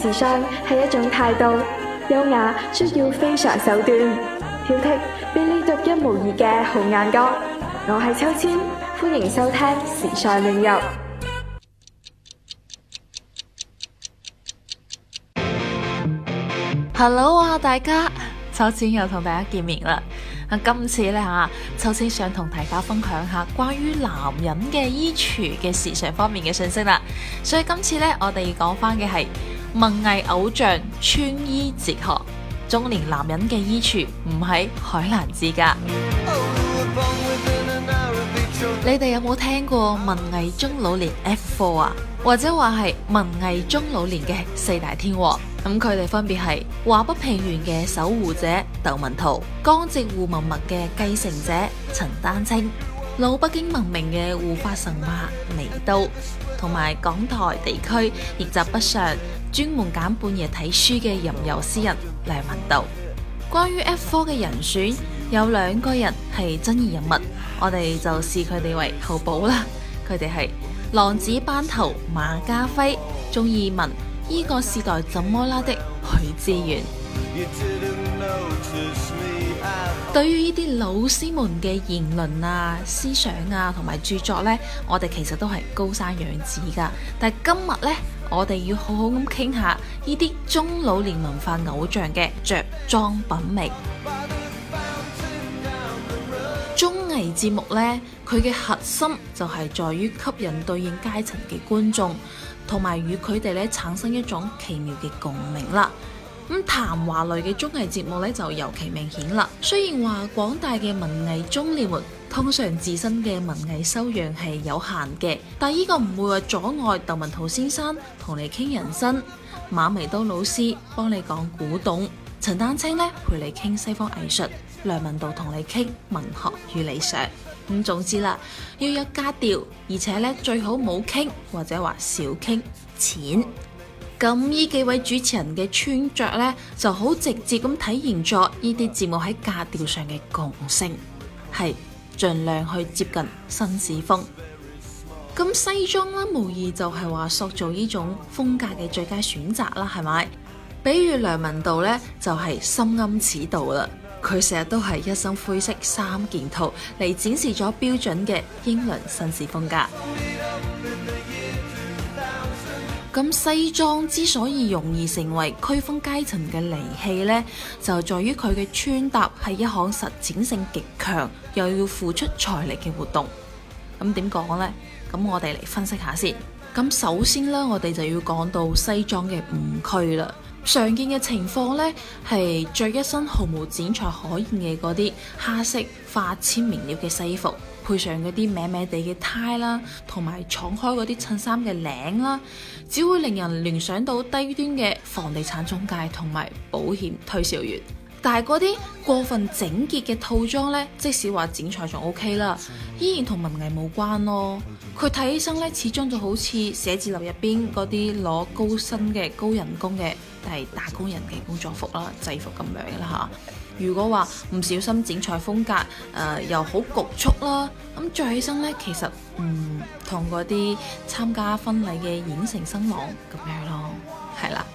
時尚係一種態度，優雅需要非常手段，挑剔俾你獨一無二嘅好眼光。我係秋千，歡迎收聽時尚領域。Hello 啊，大家，秋千又同大家見面啦。啊，今次咧啊，秋千想同大家分享下關於男人嘅衣櫥嘅時尚方面嘅信息啦。所以今次咧，我哋要講翻嘅係。文藝偶像穿衣哲學，中年男人嘅衣櫥唔喺海瀾之家。 你哋有冇聽過文藝中老年 F four 啊？或者話係文藝中老年嘅四大天王？咁佢哋分別係華北平原嘅守護者竇文濤，江浙滬文脈嘅繼承者陳丹青，老北京文明嘅護法神馬未都，同埋港台地區逆襲北上。專門揀半夜睇書嘅吟遊詩人梁文道。關於 F 科嘅人選，有兩個人係爭議人物，我哋就視佢哋為候補啦。佢哋係浪子班頭馬家輝，中意問呢個時代怎麼啦的許志源。對於呢啲老師們嘅言論啊、思想啊同埋著作呢，我哋其實都係高山仰止噶。但係今日呢。我哋要好好咁傾下呢啲中老年文化偶像嘅着裝品味。綜藝節目咧，佢嘅核心就係在於吸引對應階層嘅觀眾，同埋與佢哋咧產生一種奇妙嘅共鳴啦。咁談話類嘅綜藝節目咧就尤其明顯啦。雖然話廣大嘅文藝中年們通常自身嘅文藝修養係有限嘅，但呢個唔會話阻礙竇文濤先生同你傾人生，馬未都老師幫你講古董，陳丹青呢陪你傾西方藝術，梁文道同你傾文學與理想。咁總之啦，要有格調，而且咧最好冇傾或者話少傾錢。咁呢幾位主持人嘅穿着呢，就好直接咁體現咗呢啲節目喺格調上嘅共性，係盡量去接近紳士風。咁西裝啦，無疑就係話塑造呢種風格嘅最佳選擇啦，係咪？比如梁文道呢，就係、是、深暗此道啦，佢成日都係一身灰色三件套嚟展示咗標準嘅英倫紳士風格。咁西裝之所以容易成為區分階層嘅利器咧，就在於佢嘅穿搭係一項實踐性極強，又要付出財力嘅活動。咁點講呢？咁我哋嚟分析一下先。咁首先咧，我哋就要講到西裝嘅誤區啦。常見嘅情況呢，係着一身毫無剪裁可言嘅嗰啲咖色、化纖麵料嘅西服。配上嗰啲歪歪地嘅呔啦，同埋敞開嗰啲襯衫嘅領啦，只會令人聯想到低端嘅房地產中介同埋保險推銷員。但係嗰啲過分整潔嘅套裝咧，即使話剪裁仲 OK 啦，依然同文藝冇關咯。佢睇起身咧，始終就好似寫字樓入邊嗰啲攞高薪嘅高人工嘅，但係打工人嘅工作服啦、制服咁樣啦吓。如果話唔小心剪裁風格，誒、呃、又好局促啦，咁著起身咧，其實唔同嗰啲參加婚禮嘅影城新郎咁樣咯，係啦。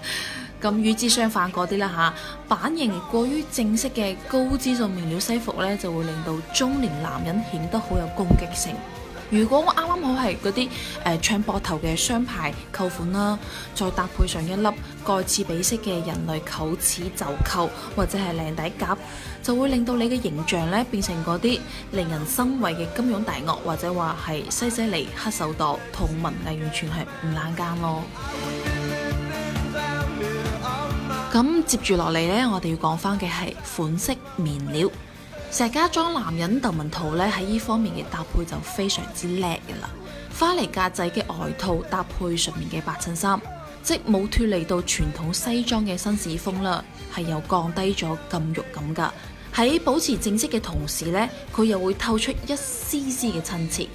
咁與之相反嗰啲啦嚇，版型過於正式嘅高質素面料西服咧，就會令到中年男人顯得好有攻擊性。如果我啱啱好係嗰啲誒搶膊頭嘅雙排扣款啦，再搭配上一粒蓋齒比色嘅人類扣齒袖扣或者係靚底夾，就會令到你嘅形象咧變成嗰啲令人心悸嘅金融大鱷，或者話係西西里黑手黨同文藝完全係唔冷間咯。咁 接住落嚟呢，我哋要講翻嘅係款式面料。石家莊男人竇文濤咧喺呢方面嘅搭配就非常之叻嘅啦，花呢格仔嘅外套搭配純棉嘅白襯衫，即冇脫離到傳統西裝嘅紳士風啦，係又降低咗禁欲感噶，喺保持正式嘅同時呢，佢又會透出一絲絲嘅親切。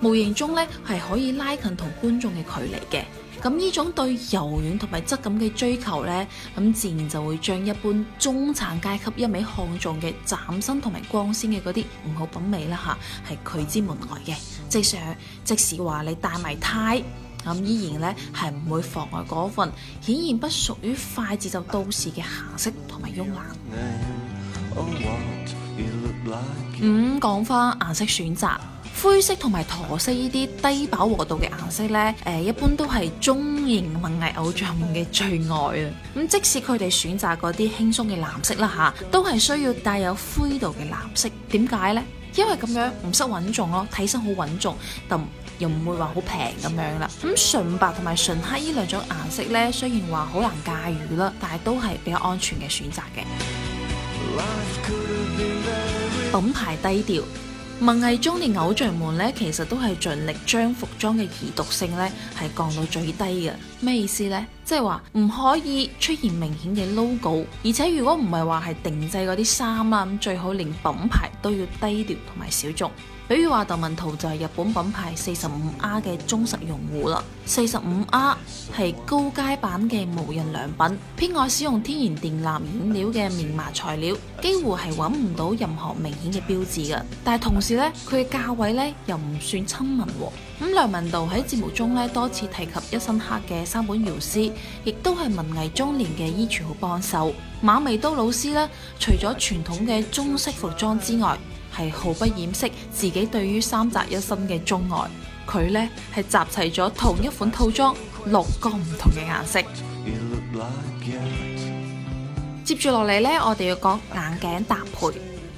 無形中咧係可以拉近同觀眾嘅距離嘅，咁呢種對柔軟同埋質感嘅追求咧，咁自然就會將一般中產階級一味看重嘅嶄新同埋光鮮嘅嗰啲唔好品味啦吓，係拒之門外嘅。即係即使話你帶埋胎，咁依然咧係唔會妨礙嗰份顯然不屬於快節奏都市嘅閒適同埋慵懶。咁講返顏色選擇。灰色同埋駝色呢啲低飽和度嘅顏色呢，誒，一般都係中型文藝偶像嘅最愛啊。咁即使佢哋選擇嗰啲輕鬆嘅藍色啦吓，都係需要帶有灰度嘅藍色。點解呢？因為咁樣唔失穩重咯，睇身好穩重，穩重但又唔會話好平咁樣啦。咁純白同埋純黑呢兩種顏色呢，雖然話好難駕馭啦，但係都係比較安全嘅選擇嘅。品牌低調。文藝中年偶像們呢，其實都係盡力將服裝嘅易讀性呢係降到最低嘅。咩意思呢？即係話唔可以出現明顯嘅 logo，而且如果唔係話係定製嗰啲衫啦，最好連品牌都要低調同埋小眾。比如話，竇文濤就係日本品牌四十五 R 嘅忠實用戶啦。四十五 R 係高階版嘅無印良品，偏愛使用天然靛藍染，染料嘅棉麻材料，幾乎係揾唔到任何明顯嘅標誌嘅。但係同時呢佢嘅價位呢又唔算親民喎、哦。咁、嗯、梁文道喺節目中呢多次提及一身黑嘅三本耀司，亦都係文藝中年嘅衣櫥好幫手。馬未都老師呢，除咗傳統嘅中式服裝之外，係毫不掩飾自己對於三宅一生嘅鍾愛，佢呢係集齊咗同一款套裝六個唔同嘅顏色。Like right. 接住落嚟呢，我哋要講眼鏡搭配。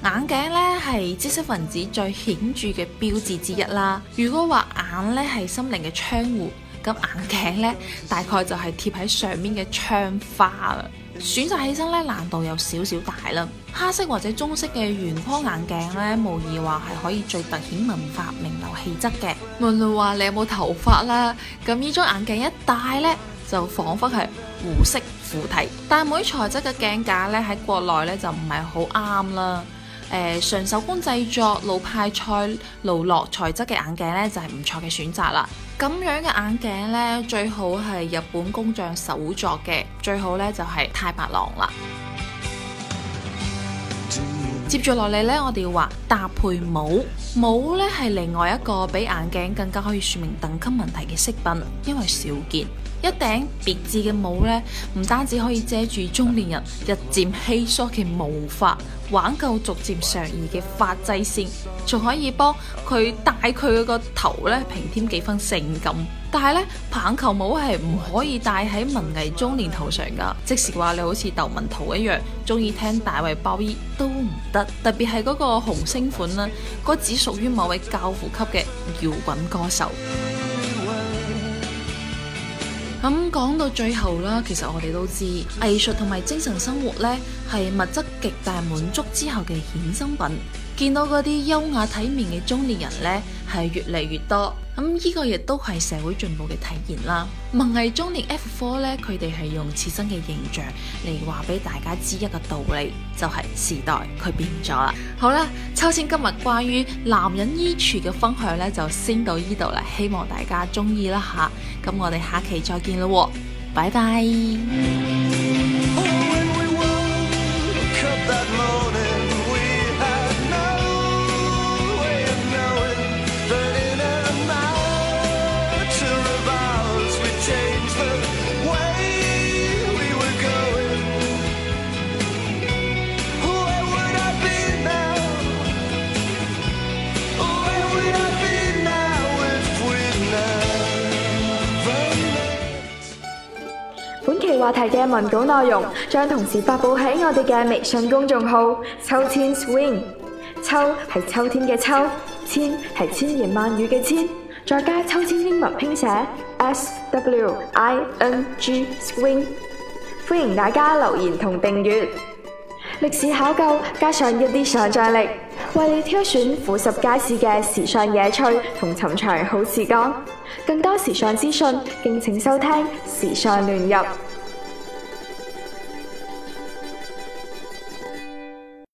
眼鏡呢係知識分子最顯著嘅標誌之一啦。如果話眼呢係心靈嘅窗戶，咁眼鏡呢大概就係貼喺上面嘅窗花啦。選擇起身咧難度有少少大啦，黑色或者棕色嘅圓框眼鏡呢，無疑話係可以最突顯文化名流氣質嘅。無論話你有冇頭髮啦，咁呢張眼鏡一戴呢，就仿佛係胡適附體。玳瑁材質嘅鏡架呢，喺國內呢就唔係好啱啦。誒、呃、純手工製作老派賽璐珞材質嘅眼鏡咧，就係唔錯嘅選擇啦。咁樣嘅眼鏡咧，最好係日本工匠手作嘅，最好咧就係、是、泰八郎啦。接住落嚟咧，我哋要話搭配帽。帽咧係另外一個比眼鏡更加可以說明等級問題嘅飾品，因為少見。一頂別緻嘅帽咧，唔單止可以遮住中年人日漸稀疏嘅毛髮，挽救逐漸上移嘅髮際線，仲可以幫佢戴佢個頭咧，平添幾分性感。但係咧，棒球帽係唔可以戴喺文藝中年頭上噶。即使話你好似竇文濤一樣，中意聽大衛鮑伊都唔得。特別係嗰個紅星款啦，嗰隻屬於某位教父級嘅搖滾歌手。咁、嗯、講到最後啦，其實我哋都知，藝術同埋精神生活咧，係物質極大滿足之後嘅衍生品。見到嗰啲優雅體面嘅中年人咧，係越嚟越多。咁呢個亦都係社會進步嘅體現啦。文藝中年 F4 咧，佢哋係用自身嘅形象嚟，話俾大家知一個道理，就係、是、時代佢變咗啦。好啦，秋千今日關於男人衣櫥嘅分享咧，就先到呢度啦。希望大家中意啦吓。咁、啊、我哋下期再見啦，拜拜。本期話題嘅文稿內容將同時發佈喺我哋嘅微信公眾號“秋千 ”swing，秋係秋天嘅秋，千係千言萬語嘅千。再加秋千英文拼寫 S W I N G swing，歡迎大家留言同訂閱，歷史考究加上一啲想象力。為你挑選富十街市嘅時尚野趣同尋常好時光，更多時尚資訊，敬請收聽《時尚亂入》。